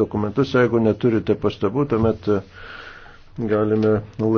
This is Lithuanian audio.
dokumentus. Jeigu neturite pastabų, tuomet galime laikyti.